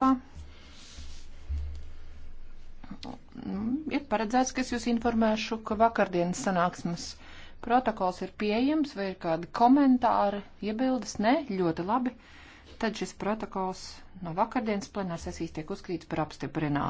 Nu, ir paredzēts, ka es jūs informēšu, ka vakardienas sanāksmes protokols ir pieejams, vai ir kādi komentāri, iebildes? Nē, ļoti labi. Tad šis protokols no vakardienas plenārsesijas tiek uzskatīts par apstiprinātu.